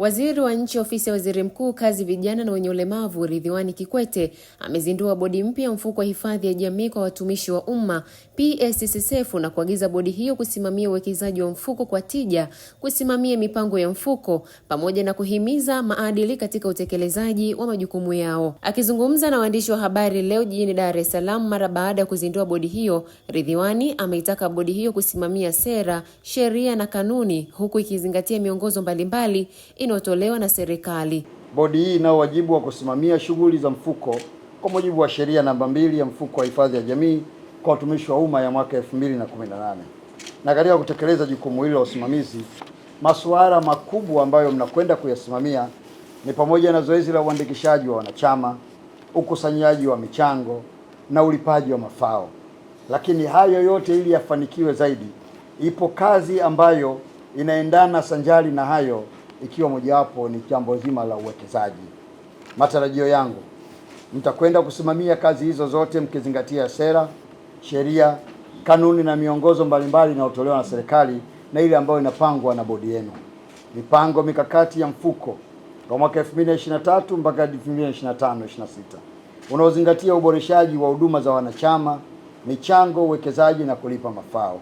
Waziri wa Nchi Ofisi ya Waziri Mkuu, Kazi, Vijana na Wenye Ulemavu, Ridhiwani Kikwete amezindua bodi mpya mfuko wa hifadhi ya jamii kwa watumishi wa umma PSSSF na kuagiza bodi hiyo kusimamia uwekezaji wa mfuko kwa tija, kusimamia mipango ya mfuko pamoja na kuhimiza maadili katika utekelezaji wa majukumu yao. Akizungumza na waandishi wa habari leo jijini Dar es Salaam mara baada ya kuzindua bodi hiyo, Ridhiwani ameitaka bodi hiyo kusimamia sera, sheria na kanuni huku ikizingatia miongozo mbalimbali inayotolewa na serikali. Bodi hii ina wajibu wa kusimamia shughuli za mfuko kwa mujibu wa sheria namba mbili ya mfuko wa hifadhi ya jamii kwa utumishi wa umma ya mwaka 2018. Na katika kutekeleza jukumu hilo la usimamizi, masuala makubwa ambayo mnakwenda kuyasimamia ni pamoja na zoezi la uandikishaji wa wanachama, ukusanyaji wa michango na ulipaji wa mafao. Lakini hayo yote ili yafanikiwe zaidi, ipo kazi ambayo inaendana sanjari na hayo ikiwa mojawapo ni jambo zima la uwekezaji. Matarajio yangu mtakwenda kusimamia kazi hizo zote mkizingatia sera, sheria, kanuni na miongozo mbalimbali inayotolewa na serikali na ile ambayo inapangwa na bodi yenu. Mipango mikakati ya mfuko wa mwaka 2023 mpaka 2025 26 unaozingatia uboreshaji wa huduma za wanachama, michango, uwekezaji na kulipa mafao.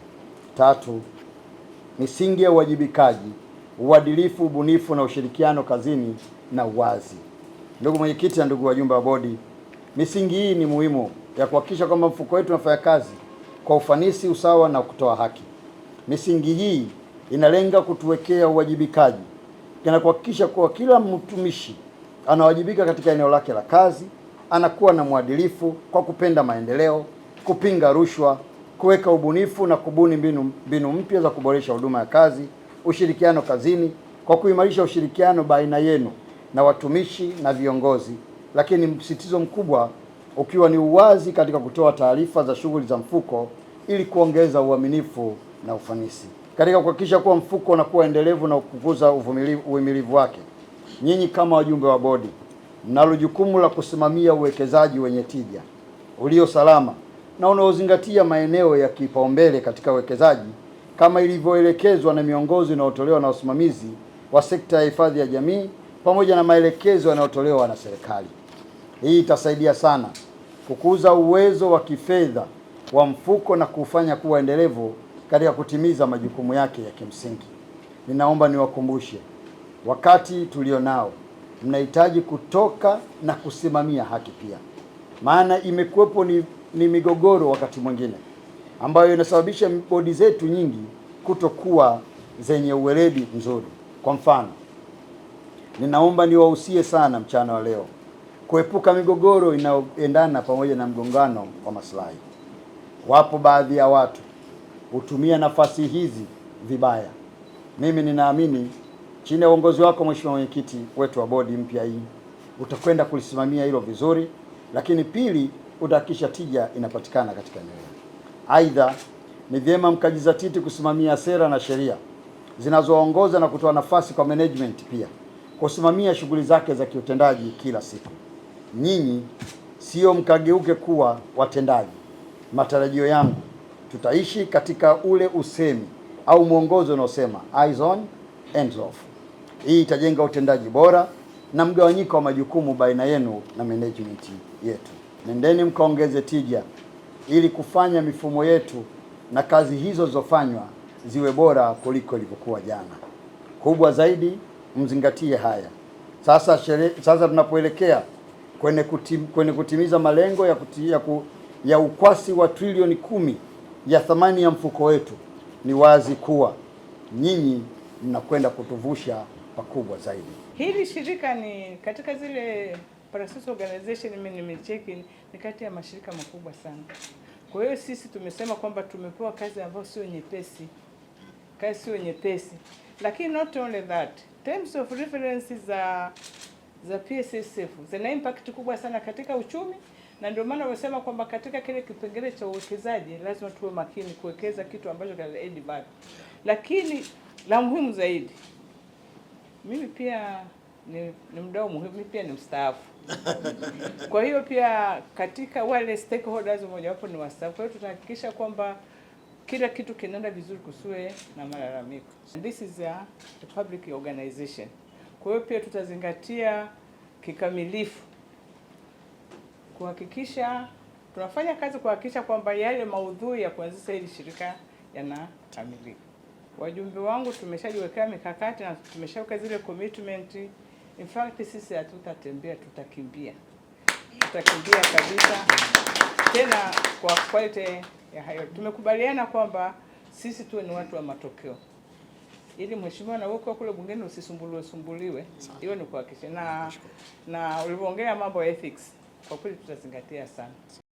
Tatu, misingi ya uwajibikaji uadilifu, ubunifu na ushirikiano kazini na uwazi. Ndugu mwenyekiti na ndugu wajumbe wa bodi, misingi hii ni muhimu ya kuhakikisha kwamba mfuko wetu unafanya kazi kwa ufanisi, usawa na kutoa haki. Misingi hii inalenga kutuwekea uwajibikaji na kuhakikisha kuwa kila mtumishi anawajibika katika eneo lake la kazi, anakuwa na mwadilifu kwa kupenda maendeleo, kupinga rushwa, kuweka ubunifu na kubuni mbinu mbinu mpya za kuboresha huduma ya kazi ushirikiano kazini kwa kuimarisha ushirikiano baina yenu na watumishi na viongozi, lakini msitizo mkubwa ukiwa ni uwazi katika kutoa taarifa za shughuli za mfuko ili kuongeza uaminifu na ufanisi katika kuhakikisha kuwa mfuko unakuwa endelevu na kukuza uvumilivu wake. Nyinyi kama wajumbe wa bodi mnalo jukumu la kusimamia uwekezaji wenye tija ulio salama na unaozingatia maeneo ya kipaumbele katika uwekezaji kama ilivyoelekezwa na miongozo inayotolewa na wasimamizi wa sekta ya hifadhi ya jamii pamoja na maelekezo yanayotolewa na serikali. Hii itasaidia sana kukuza uwezo wa kifedha wa mfuko na kufanya kuwa endelevu katika kutimiza majukumu yake ya kimsingi. Ninaomba niwakumbushe wakati tulionao, mnahitaji kutoka na kusimamia haki pia, maana imekuwepo ni, ni migogoro wakati mwingine ambayo inasababisha bodi zetu nyingi kutokuwa zenye uweledi mzuri. Kwa mfano, ninaomba niwahusie sana mchana wa leo kuepuka migogoro inayoendana pamoja na mgongano wa maslahi. Wapo baadhi ya watu hutumia nafasi hizi vibaya. Mimi ninaamini chini ya uongozi wako Mheshimiwa Mwenyekiti wetu wa bodi mpya hii utakwenda kulisimamia hilo vizuri, lakini pili utahakikisha tija inapatikana katika eneo hili. Aidha, ni vyema mkajizatiti kusimamia sera na sheria zinazoongoza na kutoa nafasi kwa management pia kusimamia shughuli zake za kiutendaji kila siku. Nyinyi sio mkageuke kuwa watendaji. Matarajio yangu tutaishi katika ule usemi au mwongozo unaosema eyes on hands off. Hii itajenga utendaji bora na mgawanyiko wa majukumu baina yenu na management yetu. Nendeni mkaongeze tija ili kufanya mifumo yetu na kazi hizo zilizofanywa ziwe bora kuliko ilivyokuwa jana. Kubwa zaidi mzingatie haya sasa. Shere, sasa tunapoelekea kwenye, kutim, kwenye kutimiza malengo ya, kuti, ya, ku, ya ukwasi wa trilioni kumi ya thamani ya mfuko wetu, ni wazi kuwa nyinyi mnakwenda kutuvusha pakubwa zaidi. Hili shirika ni katika zile Paracels Organization mimi nimecheki ni kati ya mashirika makubwa sana. Kwa hiyo sisi tumesema kwamba tumepewa kazi ambayo sio nyepesi, kazi sio nyepesi, lakini not only that terms of reference za za PSSF zina impact kubwa sana katika uchumi, na ndio maana wamesema kwamba katika kile kipengele cha uwekezaji lazima tuwe makini kuwekeza kitu ambacho kina add value, lakini la muhimu zaidi mimi pia ni, ni mdau muhimu pia ni mstaafu. Kwa hiyo pia katika wale stakeholders mojawapo ni wastaafu. Kwa hiyo tunahakikisha kwamba kila kitu kinaenda vizuri, kusiwe na malalamiko. This is a public organization. Kwa hiyo pia tutazingatia kikamilifu kuhakikisha tunafanya kazi kuhakikisha kwamba yale maudhui ya kuanzisha hili shirika yanatamilika. Wajumbe wangu tumeshajiwekea mikakati na tumeshaweka zile commitment In fact sisi hatutatembea, tutakimbia, tutakimbia kabisa, tena kwa kwete ya hayo. Tumekubaliana kwamba sisi tuwe ni watu wa matokeo, ili mheshimiwa, na kule bungeni usisumbuliwe sumbuliwe, hiyo ni kuhakikisha na na ulivyoongelea mambo ya ethics, kwa kweli tutazingatia sana.